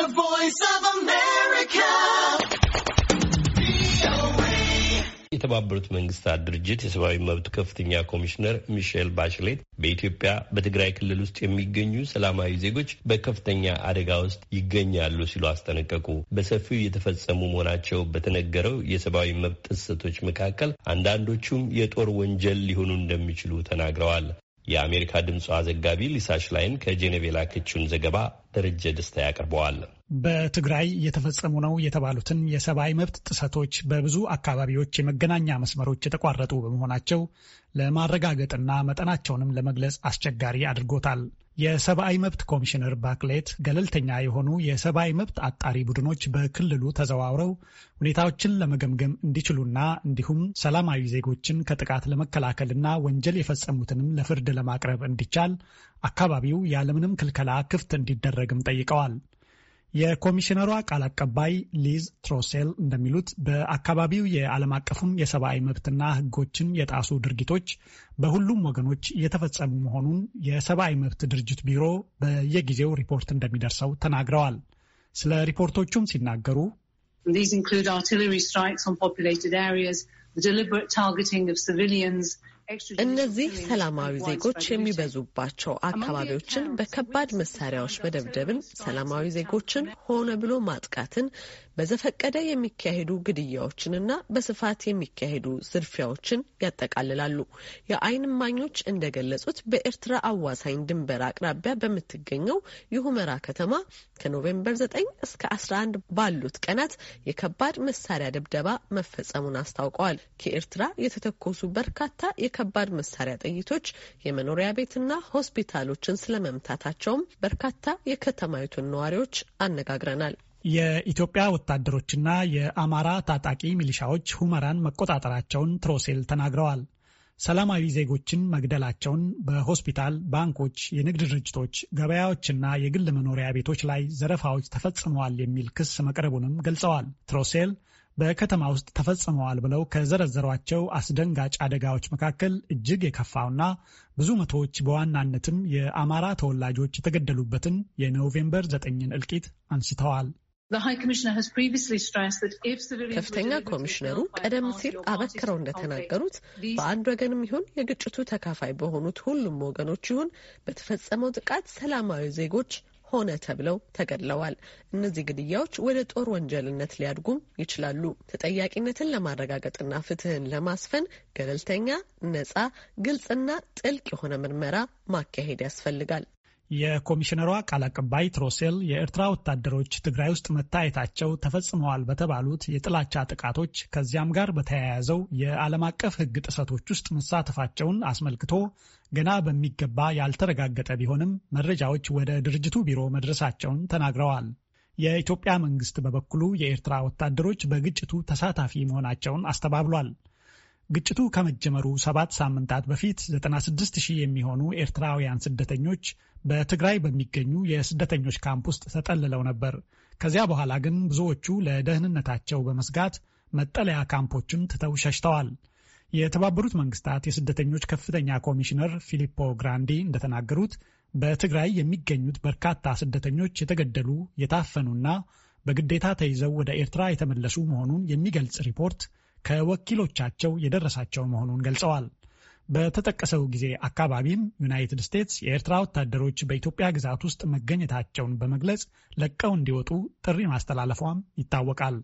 The Voice of America. የተባበሩት መንግስታት ድርጅት የሰብአዊ መብት ከፍተኛ ኮሚሽነር ሚሼል ባሽሌት በኢትዮጵያ በትግራይ ክልል ውስጥ የሚገኙ ሰላማዊ ዜጎች በከፍተኛ አደጋ ውስጥ ይገኛሉ ሲሉ አስጠነቀቁ። በሰፊው እየተፈጸሙ መሆናቸው በተነገረው የሰብአዊ መብት ጥሰቶች መካከል አንዳንዶቹም የጦር ወንጀል ሊሆኑ እንደሚችሉ ተናግረዋል። የአሜሪካ ድምፅ ዘጋቢ ሊሳሽ ላይን ከጄኔቭ የላከችውን ዘገባ ደረጀ ደስታ ያቀርበዋል። በትግራይ እየተፈጸሙ ነው የተባሉትን የሰብአዊ መብት ጥሰቶች በብዙ አካባቢዎች የመገናኛ መስመሮች የተቋረጡ በመሆናቸው ለማረጋገጥና መጠናቸውንም ለመግለጽ አስቸጋሪ አድርጎታል። የሰብአዊ መብት ኮሚሽነር ባክሌት ገለልተኛ የሆኑ የሰብአዊ መብት አጣሪ ቡድኖች በክልሉ ተዘዋውረው ሁኔታዎችን ለመገምገም እንዲችሉና እንዲሁም ሰላማዊ ዜጎችን ከጥቃት ለመከላከልና ወንጀል የፈጸሙትንም ለፍርድ ለማቅረብ እንዲቻል አካባቢው ያለምንም ክልከላ ክፍት እንዲደረግም ጠይቀዋል። የኮሚሽነሯ ቃል አቀባይ ሊዝ ትሮሴል እንደሚሉት በአካባቢው የዓለም አቀፉን የሰብአዊ መብትና ሕጎችን የጣሱ ድርጊቶች በሁሉም ወገኖች እየተፈጸሙ መሆኑን የሰብአዊ መብት ድርጅት ቢሮ በየጊዜው ሪፖርት እንደሚደርሰው ተናግረዋል። ስለ ሪፖርቶቹም ሲናገሩ These include artillery strikes on populated areas, the deliberate targeting of civilians, እነዚህ ሰላማዊ ዜጎች የሚበዙባቸው አካባቢዎችን በከባድ መሳሪያዎች መደብደብን፣ ሰላማዊ ዜጎችን ሆነ ብሎ ማጥቃትን፣ በዘፈቀደ የሚካሄዱ ግድያዎችንና በስፋት የሚካሄዱ ዝርፊያዎችን ያጠቃልላሉ። የዓይን እማኞች እንደገለጹት በኤርትራ አዋሳኝ ድንበር አቅራቢያ በምትገኘው የሁመራ ከተማ ከኖቬምበር 9 እስከ 11 ባሉት ቀናት የከባድ መሳሪያ ድብደባ መፈጸሙን አስታውቀዋል። ከኤርትራ የተተኮሱ በርካታ ከባድ መሳሪያ ጥይቶች የመኖሪያ ቤትና ሆስፒታሎችን ስለመምታታቸውም በርካታ የከተማይቱን ነዋሪዎች አነጋግረናል። የኢትዮጵያ ወታደሮችና የአማራ ታጣቂ ሚሊሻዎች ሁመራን መቆጣጠራቸውን ትሮሴል ተናግረዋል። ሰላማዊ ዜጎችን መግደላቸውን፣ በሆስፒታል፣ ባንኮች፣ የንግድ ድርጅቶች፣ ገበያዎችና የግል መኖሪያ ቤቶች ላይ ዘረፋዎች ተፈጽመዋል የሚል ክስ መቅረቡንም ገልጸዋል ትሮሴል በከተማ ውስጥ ተፈጽመዋል ብለው ከዘረዘሯቸው አስደንጋጭ አደጋዎች መካከል እጅግ የከፋውና ብዙ መቶዎች በዋናነትም የአማራ ተወላጆች የተገደሉበትን የኖቬምበር ዘጠኝን እልቂት አንስተዋል። ከፍተኛ ኮሚሽነሩ ቀደም ሲል አበክረው እንደተናገሩት በአንድ ወገንም ይሁን የግጭቱ ተካፋይ በሆኑት ሁሉም ወገኖች ይሁን በተፈጸመው ጥቃት ሰላማዊ ዜጎች ሆነ ተብለው ተገድለዋል። እነዚህ ግድያዎች ወደ ጦር ወንጀልነት ሊያድጉም ይችላሉ። ተጠያቂነትን ለማረጋገጥና ፍትህን ለማስፈን ገለልተኛ፣ ነጻ፣ ግልጽና ጥልቅ የሆነ ምርመራ ማካሄድ ያስፈልጋል። የኮሚሽነሯ ቃል አቀባይ ትሮሴል የኤርትራ ወታደሮች ትግራይ ውስጥ መታየታቸው ተፈጽመዋል በተባሉት የጥላቻ ጥቃቶች ከዚያም ጋር በተያያዘው የዓለም አቀፍ ሕግ ጥሰቶች ውስጥ መሳተፋቸውን አስመልክቶ ገና በሚገባ ያልተረጋገጠ ቢሆንም መረጃዎች ወደ ድርጅቱ ቢሮ መድረሳቸውን ተናግረዋል። የኢትዮጵያ መንግስት በበኩሉ የኤርትራ ወታደሮች በግጭቱ ተሳታፊ መሆናቸውን አስተባብሏል። ግጭቱ ከመጀመሩ ሰባት ሳምንታት በፊት 96 ሺህ የሚሆኑ ኤርትራውያን ስደተኞች በትግራይ በሚገኙ የስደተኞች ካምፕ ውስጥ ተጠልለው ነበር። ከዚያ በኋላ ግን ብዙዎቹ ለደህንነታቸው በመስጋት መጠለያ ካምፖችን ትተው ሸሽተዋል። የተባበሩት መንግስታት የስደተኞች ከፍተኛ ኮሚሽነር ፊሊፖ ግራንዲ እንደተናገሩት በትግራይ የሚገኙት በርካታ ስደተኞች የተገደሉ፣ የታፈኑና በግዴታ ተይዘው ወደ ኤርትራ የተመለሱ መሆኑን የሚገልጽ ሪፖርት ከወኪሎቻቸው የደረሳቸው መሆኑን ገልጸዋል። በተጠቀሰው ጊዜ አካባቢም ዩናይትድ ስቴትስ የኤርትራ ወታደሮች በኢትዮጵያ ግዛት ውስጥ መገኘታቸውን በመግለጽ ለቀው እንዲወጡ ጥሪ ማስተላለፏም ይታወቃል።